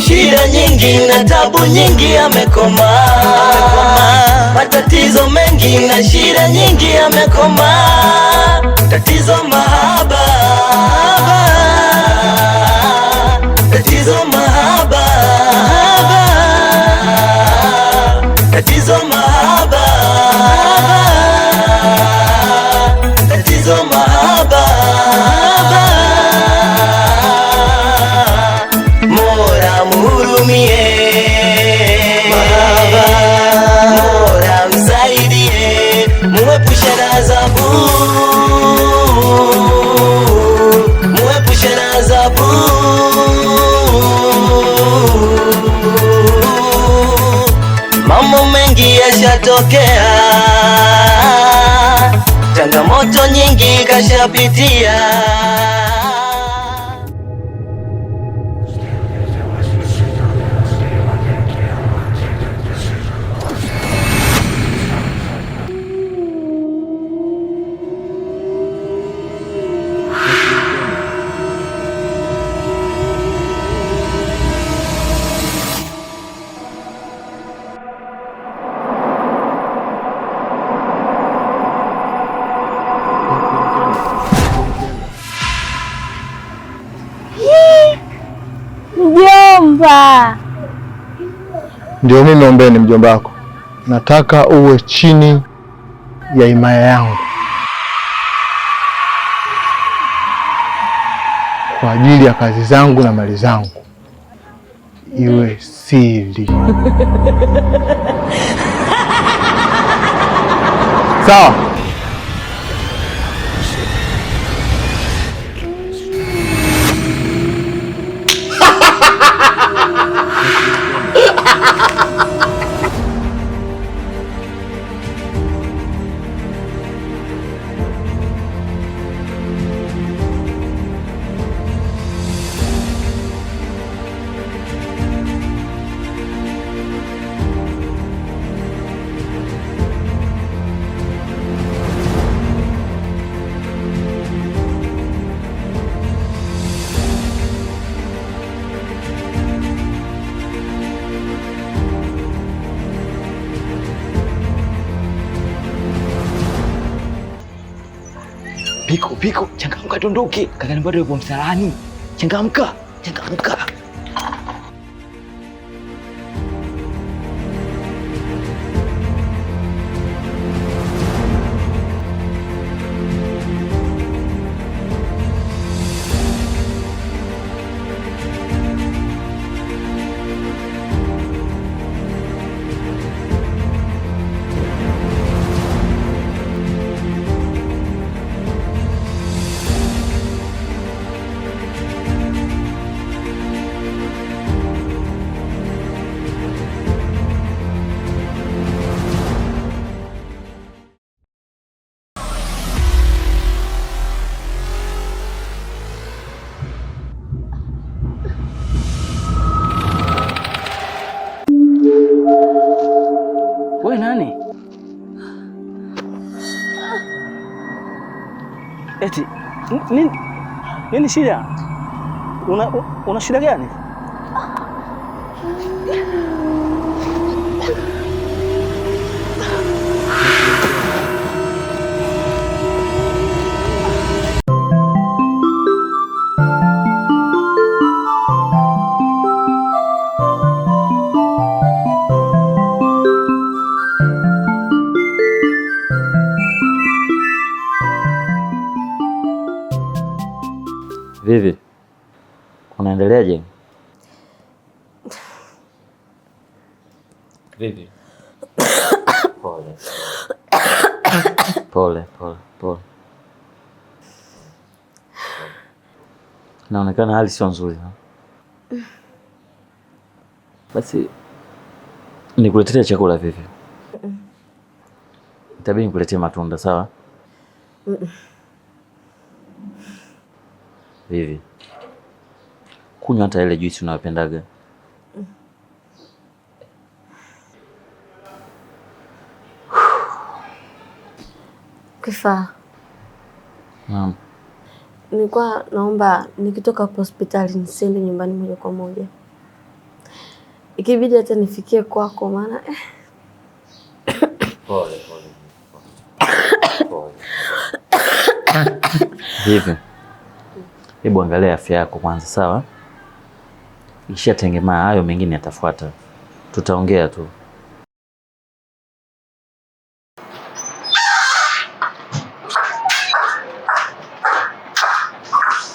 shida nyingi na tabu nyingi amekoma, matatizo mengi na shida nyingi amekoma, tatizo mahaba muepushe na adhabu, muepushe na adhabu, mambo mengi yashatokea, changamoto nyingi kashapitia. Ndio mimi Ombeni, mjomba wako, nataka uwe chini ya himaya yangu kwa ajili ya kazi zangu na mali zangu, iwe siri sawa? Piko, piko, changamka tondoke. Jangan nambari yupo jangan Changamka, changamka. Eti nini, nini shida? Una, una shida gani? Ah. Unaendeleaje? Vipi? Pole. Pole, pole, pole. Inaonekana hali sio nzuri. Basi nikuletea chakula vipi? Itabidi nikuletee matunda, sawa? Vivi kunywa hata ile juisi unayopendaga. Kifaa, naam. Nilikuwa naomba nikitoka kwa hospitali nisiende nyumbani moja kwa moja, ikibidi hata nifikie kwako, maana eh. pole pole hivi. Hebu angalia afya yako kwanza, sawa? ishatengemaa, hayo mengine yatafuata, tutaongea tu.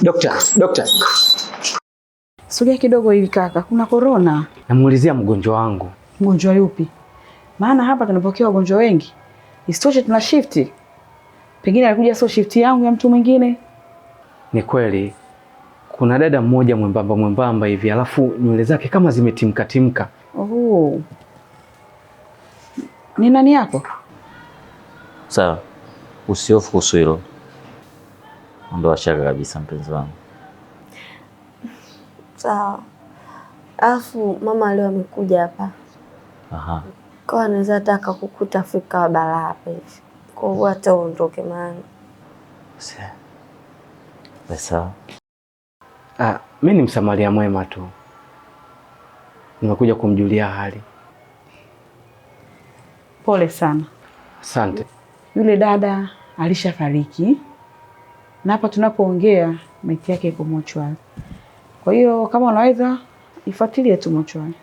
Dokta, dokta, sogea kidogo hivi kaka, kuna korona. Namuulizia mgonjwa wangu. Mgonjwa yupi? Maana hapa tunapokea wagonjwa wengi, isitoshe tuna shifti, pengine alikuja sio shifti yangu ya mtu mwingine. Ni kweli kuna dada mmoja mwembamba mwembamba hivi, alafu nywele zake kama zimetimka timka. Oh. Ni nani yako? Sawa, usiofu kuhusu hilo, ondoa shaka kabisa, mpenzi wangu. Sawa. Alafu mama leo amekuja hapa Aha. Kwa anaweza taka kukuta fika wa bara hapa hivi, kwa hiyo hata uondoke maana. Sawa. Ah, mi ni msamaria mwema tu, nimekuja kumjulia hali. Pole sana. Asante. Yule dada alishafariki na hapa tunapoongea maiti yake iko mochwari. Kwa hiyo kama unaweza ifuatilie tu mochwari.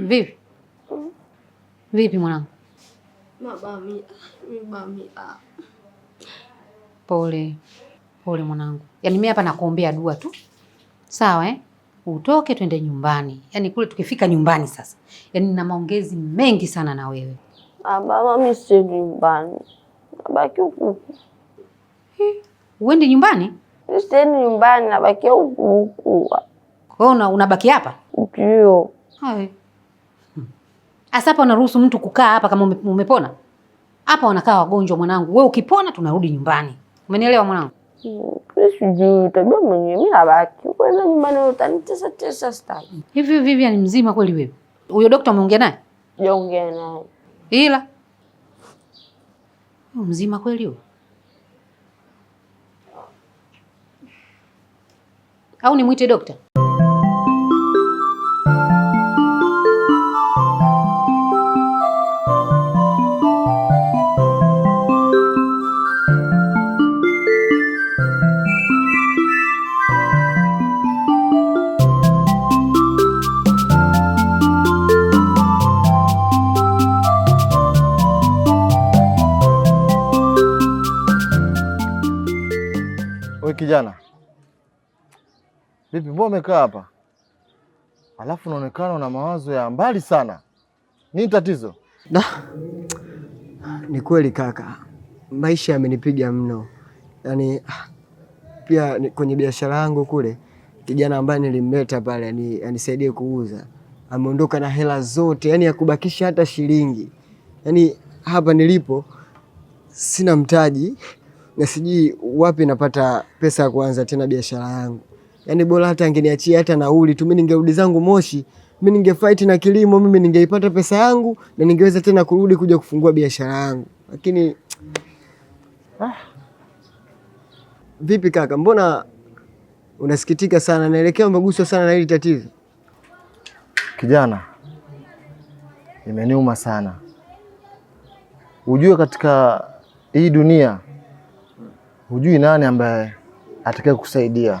Vipi vipi mwanangu? Mabamia, mabamia. Ah. Pole pole mwanangu, yaani mimi hapa nakuombea dua tu sawa eh? Utoke twende nyumbani, yaani kule tukifika nyumbani sasa, yaani na maongezi mengi sana na wewe. Ah, baba mimi si nyumbani, nabaki huku. Uendi nyumbani? Siendi nyumbani, nabaki huku huku. Kwa hiyo hapa? Ndio. Asa hapa wanaruhusu mtu kukaa hapa kama umepona? Hapa wanakaa wagonjwa mwanangu. Wewe ukipona tunarudi nyumbani. Umenielewa mwanangu? Sijui tabia mwenyewe mimi Kwenda nyumbani utanitesa tesa stai. Hivi Vivian ni mzima kweli wewe? Huyo daktari umeongea naye? Jaongea naye. Ila mzima kweli wewe? Au nimwite daktari? kijana, vipi? Mbona umekaa hapa alafu unaonekana una mawazo ya mbali sana? Nini tatizo? Da, ni kweli kaka, maisha yamenipiga mno, yaani ah, pia kwenye biashara yangu kule, kijana ambaye nilimleta pale anisaidie kuuza ameondoka na hela zote, yaani hakubakisha hata shilingi. Yaani hapa nilipo sina mtaji na sijui wapi napata pesa ya kuanza tena biashara yangu. Yaani bora hata angeniachia hata nauli tu, mimi ningerudi zangu Moshi, mimi ningefight na kilimo, mimi ningeipata pesa yangu na ningeweza tena kurudi kuja kufungua biashara yangu. Lakini ah. Vipi kaka, mbona unasikitika sana? Naelekea umeguswa sana na hili tatizo. Kijana, imeniuma sana. Ujue katika hii dunia hujui nani ambaye atakaye kusaidia,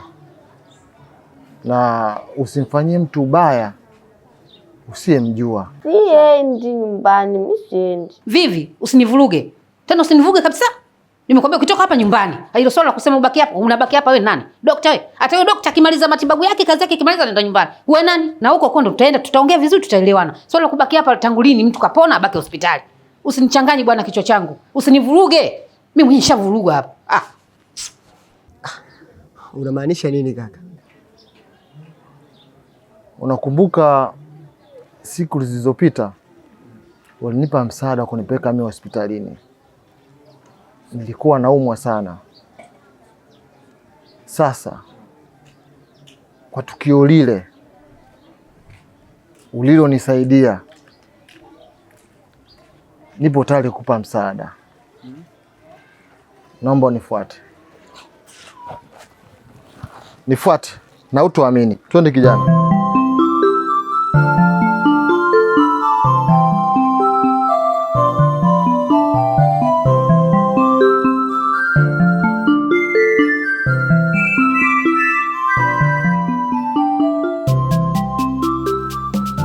na usimfanyie mtu ubaya usiyemjua. Siendi nyumbani, mi siendi. Vivi, usinivuruge tena, usinivuruge kabisa. Nimekwambia ukitoka hapa nyumbani, hilo swala la kusema ubaki hapa, unabaki hapa. We nani? Dokta we? Hata huyo dokta akimaliza matibabu yake, kazi yake ikimaliza, anaenda nyumbani. We nani? Na huko huko tutaenda, tutaongea vizuri, tutaelewana. Swala la kubaki hapa, tangu lini mtu kapona abaki hospitali? Usinichanganye bwana kichwa changu, usinivuruge. Mi mwenye nishavurugwa hapa ah unamaanisha nini kaka? Unakumbuka siku zilizopita walinipa msaada wa kunipeleka mimi hospitalini? Nilikuwa naumwa sana. Sasa kwa tukio lile ulilonisaidia, nipo tayari kukupa msaada, naomba unifuate nifuate na utuamini. Twende kijana.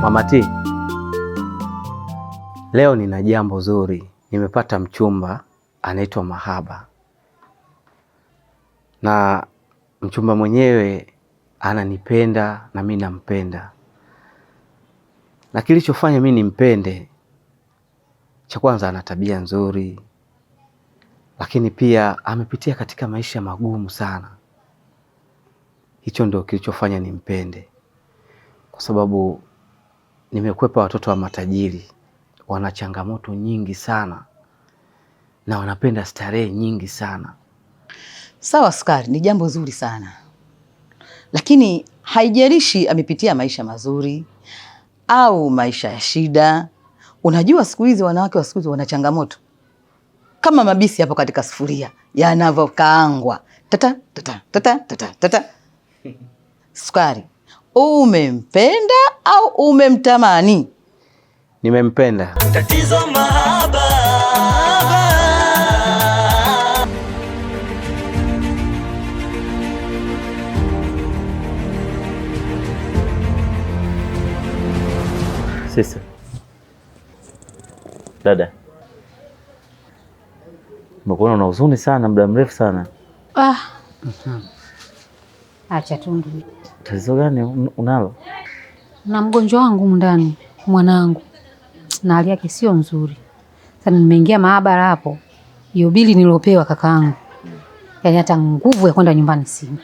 Mama leo nina jambo zuri. Nimepata mchumba anaitwa Mahaba na mchumba mwenyewe ananipenda na mi nampenda, na kilichofanya mi nimpende, cha kwanza ana tabia nzuri, lakini pia amepitia katika maisha magumu sana. Hicho ndio kilichofanya nimpende, kwa sababu nimekwepa watoto wa matajiri, wana changamoto nyingi sana na wanapenda starehe nyingi sana. Sawa, sukari ni jambo zuri sana, lakini haijalishi amepitia maisha mazuri au maisha ya shida. Unajua siku hizi wanawake wa siku hizi wana changamoto kama mabisi hapo katika sufuria yanavyokaangwa tata tata tata tata tata. Sukari, umempenda au umemtamani? Nimempenda. Tatizo mahaba Dada, mbona una huzuni sana muda mrefu sana. Ah. Acha tundu. Tatizo gani unalo? Na mgonjwa wangu ndani mwanangu, na hali yake sio nzuri sana. Nimeingia maabara hapo, hiyo bili nilopewa kakaangu, yaani hata nguvu ya kwenda nyumbani sina.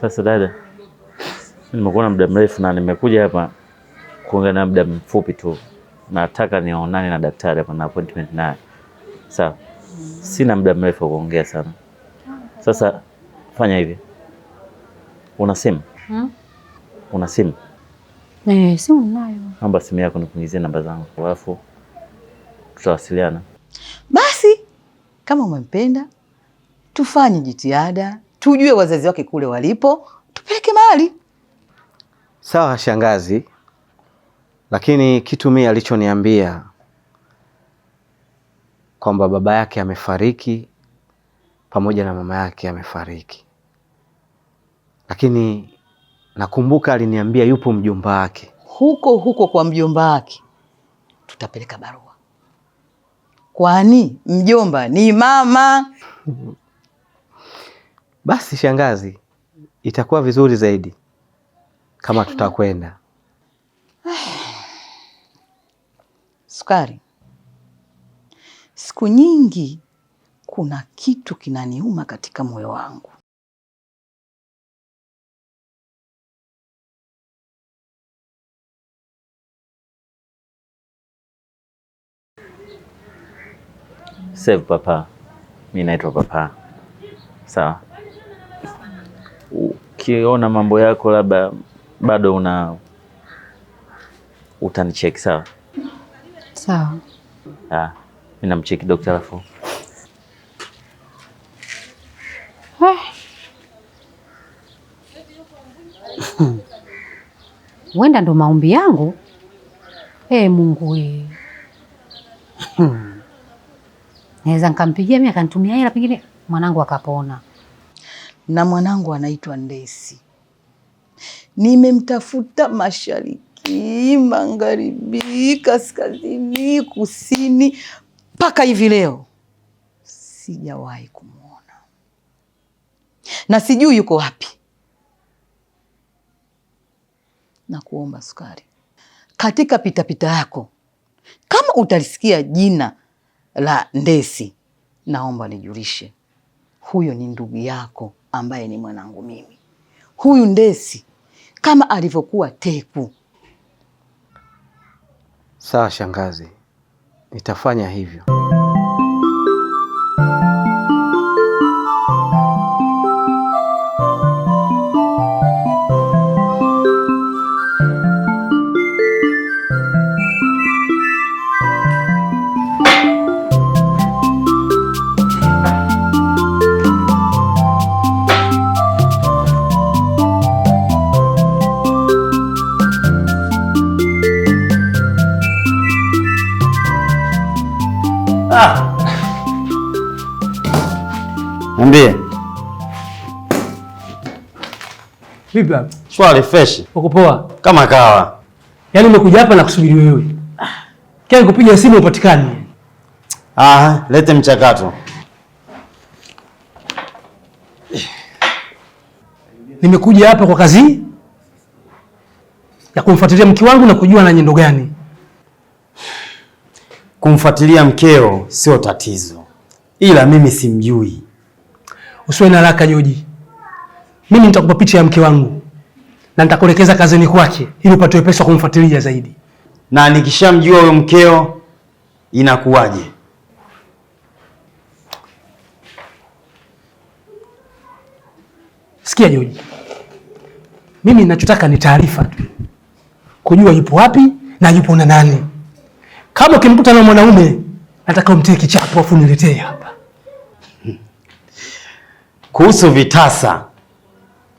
Sasa dada, nimekuona muda mrefu na nimekuja hapa kuongea na muda mfupi tu nataka nionane na daktari, na appointment naye. Sawa, sina muda mrefu wa kuongea sana. Sasa fanya hivi, una simu hmm? una simu eh? Simu ninayo. Namba simu yako nipungizie namba zangu, alafu tutawasiliana basi. Kama umempenda tufanye jitihada, tujue wazazi wake kule walipo, tupeleke mahali. Sawa shangazi, lakini kitu mi alichoniambia kwamba baba yake amefariki pamoja na mama yake amefariki, lakini nakumbuka aliniambia yupo mjomba wake huko huko kwa mjomba wake tutapeleka barua, kwani mjomba ni mama. Basi shangazi, itakuwa vizuri zaidi kama tutakwenda sukari, siku nyingi kuna kitu kinaniuma katika moyo wangu. Save papa, mi naitwa papa. Sawa, ukiona mambo yako labda bado una utanicheki, sawa? Sawa. Ah, mimi namcheki daktari alafu. Wenda eh. ndo maombi yangu. Hey, Mungu we. Naweza nikampigia mimi akanitumia hela pengine mwanangu akapona. Na mwanangu anaitwa Ndesi. Nimemtafuta mashariki mashariki, magharibi, kaskazini, kusini, mpaka hivi leo sijawahi kumwona na sijui yuko wapi. Na kuomba Sukari, katika pitapita yako kama utalisikia jina la Ndesi, naomba nijulishe, huyo ni ndugu yako ambaye ni mwanangu mimi. Huyu Ndesi kama alivyokuwa Teku Sawa shangazi, nitafanya hivyo. Niambie. Vipi baba? Swali fresh. Uko poa? Kama kawa. Yaani umekuja hapa na kusubiri wewe. Kia nikupiga simu upatikane. Aha, lete mchakato. Nimekuja hapa kwa kazi ya kumfuatilia mke wangu na kujua na nyendo gani. Kumfuatilia mkeo sio tatizo, ila mimi simjui. Usiwe na haraka Joji, mimi nitakupa picha ya mke wangu na nitakuelekeza kazini kwake ili upate pesa kumfuatilia zaidi, na nikishamjua huyo mkeo inakuwaje? Sikia Joji, mimi ninachotaka ni taarifa tu, kujua yupo wapi na yupo na nani. Kama ukimkuta na mwanaume nataka umtie kichapo afu kuhusu vitasa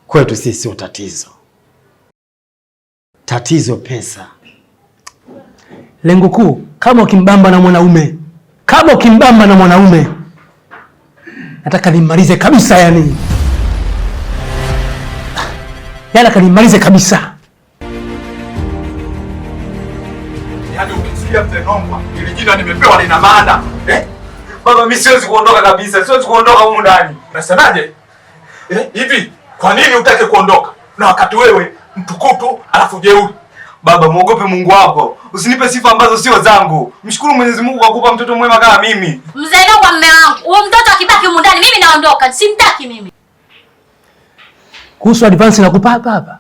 kwetu sisi sio tatizo, tatizo pesa. Lengo kuu kama ukimbamba na mwanaume, kama ukimbamba na mwanaume, nataka nimalize kabisa, yani yana yaani kanimalize kabisa. Yani ukisikia mzee Nongwa, ili jina nimepewa lina maana eh? Baba, mimi siwezi kuondoka kabisa, siwezi kuondoka huko ndani. Unasemaje? Eh, hivi kwa nini utake kuondoka na wakati wewe mtukutu alafu jeuri? Baba, muogope Mungu wako, usinipe sifa ambazo sio zangu. Mshukuru Mwenyezi Mungu kwa kupa mtoto mwema kama mimi. Mzaliwa kwa mume wangu, huyo mtoto akibaki huko ndani mimi naondoka, simtaki mimi. Kuhusu advance nakupa hapa hapa.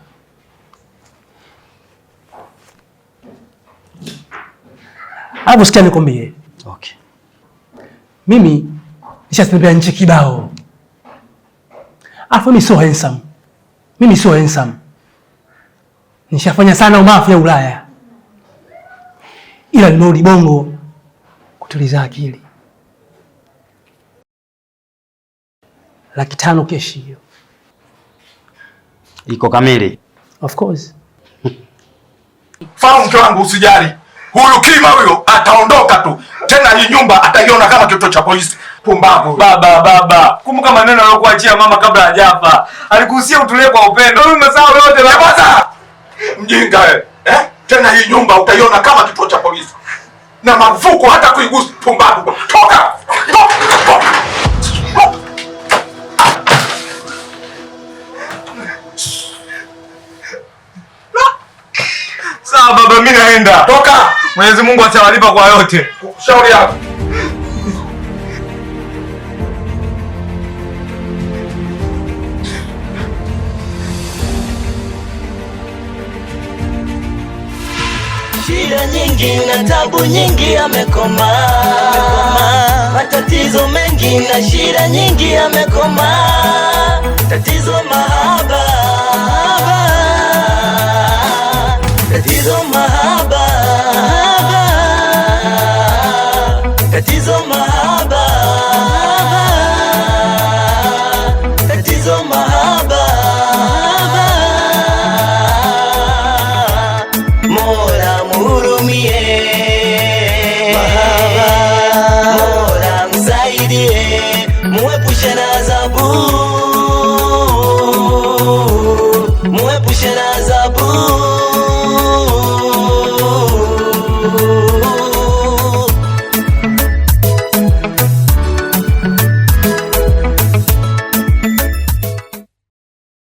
Hapo sikia nikwambie. Okay mimi nishazitembea nchi kibao, alafu mimi sio handsome, mimi sio handsome, nishafanya sana umafu ya Ulaya, ila nimerudi Bongo kutuliza akili. laki tano keshi hiyo iko kamili, of course. Faru mke wangu, usijali Huyu kima huyo ataondoka tu. Tena hii nyumba ataiona kama kituo cha polisi. Pumbavu. Baba baba. Kumbuka maneno aliyokuachia mama kabla hajafa. Alikuhusia utulie kwa upendo. Wewe umesahau yote eh, na Mjinga wewe. Eh? Tena hii nyumba utaiona kama kituo cha polisi. Na marufuku hata kuigusa. Pumbavu. Toka. Toka. Sasa baba, mimi naenda. Toka. Mwenyezi Mungu atawalipa kwa yote. Shauri yako. Shida nyingi na tabu nyingi amekoma, matatizo mengi na shida nyingi amekoma, tatizo mahaba hizo maana